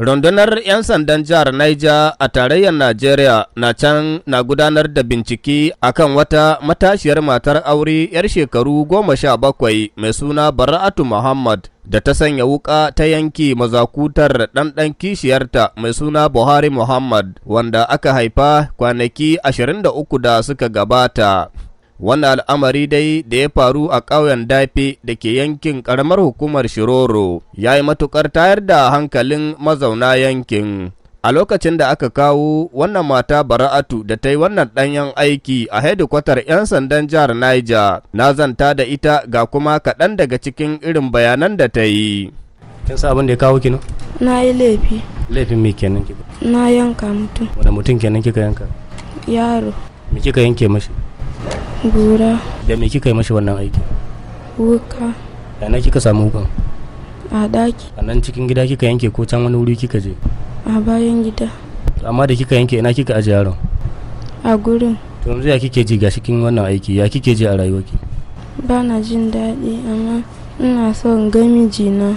Rundunar 'yan sandan jihar Niger a tarayyar Najeriya na can na gudanar da bincike akan wata matashiyar matar aure 'yar shekaru goma sha bakwai mai suna Bara'atu Muhammad da ta sanya wuka ta yanki mazakutar ɗanɗan kishiyarta mai suna Buhari Muhammad wanda aka haifa kwanaki 23 da suka gabata. Wannan al'amari dai da ya faru a ƙauyen Dafe da ke yankin ƙaramar hukumar Shiroro ya yi matuƙar tayar da hankalin mazauna yankin. A lokacin da aka kawo wannan mata bara'atu da ta yi wannan ɗanyen aiki a hedikwatar 'yan sandan jihar Niger, na zanta da ita ga kuma kaɗan daga cikin irin bayanan da ta yi. Kin sa abin da ya kawo kino? Na yi laifi. Laifin me kenan kika? Na yanka mutum. Wani mutum kenan kika yanka? Yaro. Me kika yanke mashi? gura da me kika yi mashi wannan aiki wuka yana kika samu wukan a daki a nan cikin gida kika yanke ko can wani wuri kika je a bayan gida amma da kika yanke ina kika aje yaron a gurin to yanzu ya kike ji ga cikin wannan aiki ya kike ji a rayuwarki ba na jin daɗi amma ina son ga mijina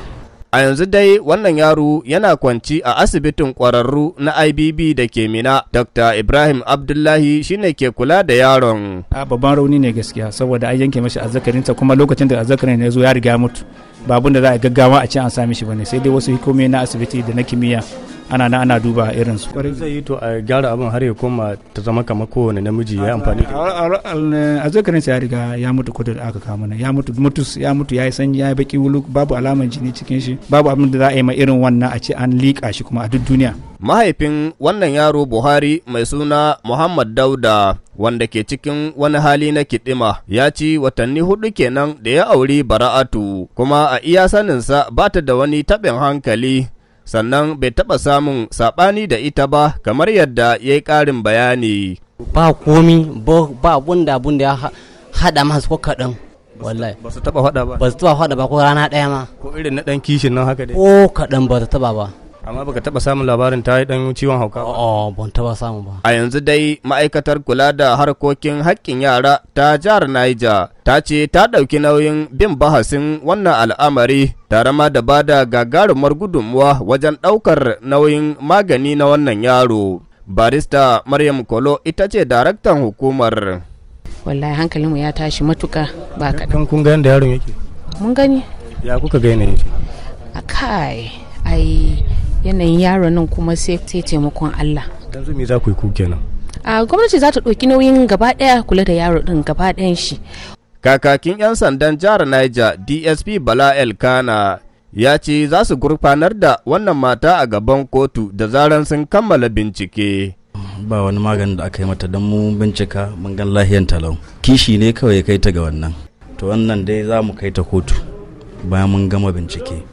A yanzu dai wannan yaro yana kwanci a asibitin ƙwararru na IBB da ke Mina. Dr. Ibrahim Abdullahi shine ke kula da yaron. A babban rauni ne gaskiya saboda an yanke mashi azzakarinsa kuma lokacin da azzakarin ya zo ya riga mutu. Babun da za a gaggawa a ce an sami shi bane sai dai wasu hikomi na asibiti da na kimiyya ana na ana duba irin su kwarai zai yi to a gyara abin har ya koma ta zama kamar kowane namiji ya amfani a zakarin karanta ya riga ya mutu ko da aka kama na ya mutu mutus ya mutu ya yi sanyi ya yi baki wulu babu alaman jini cikin shi babu abin da za a yi ma irin wannan a ce an liƙa shi kuma a duk duniya mahaifin wannan yaro buhari mai suna muhammad dauda wanda ke cikin wani hali na kiɗima ya ci watanni hudu kenan da ya auri bara'atu kuma a iya saninsa ba ta da wani taɓin hankali sannan bai taɓa samun saɓani da ita ba kamar yadda ya yi ƙarin bayani. Ba komi ba abun da abun da ya haɗa masu ko kaɗan. Wallahi. Ba su taɓa haɗa ba. Ba su taɓa haɗa ba ko rana ɗaya ma. Ko irin na ɗan kishin nan haka dai. Ko kaɗan ba su taɓa ba. amma baka taba samun labarin ta yi dan ciwon hauka ba oh ban taba samu ba a yanzu dai ma'aikatar kula da harkokin haƙƙin yara ta jihar Niger ta ce ta ɗauki nauyin bin bahasin wannan al'amari tare ma da ba da gagarumar gudunmuwa wajen ɗaukar nauyin magani na wannan yaro barista maryam kolo ita ce daraktan hukumar wallahi hankalinmu ya tashi matuka ba kaɗan kun ga yadda yaron yake mun gani ya kuka ga yanayin a akai ai yanayin yaron nan kuma sai taimakon Allah yanzu me za ku yi kuke kenan a gwamnati za ta ɗauki nauyin gaba ɗaya kula da yaro ɗin gaba ɗayan shi kakakin 'yan sandan jihar niger dsp bala el kana ya ce za su gurfanar da wannan mata a gaban kotu da zaran sun kammala bincike ba wani maganin da aka yi mata don mu bincika mun gan lahiyan talau kishi ne kawai kai ta ga wannan to wannan dai za mu kai ta kotu bayan mun gama bincike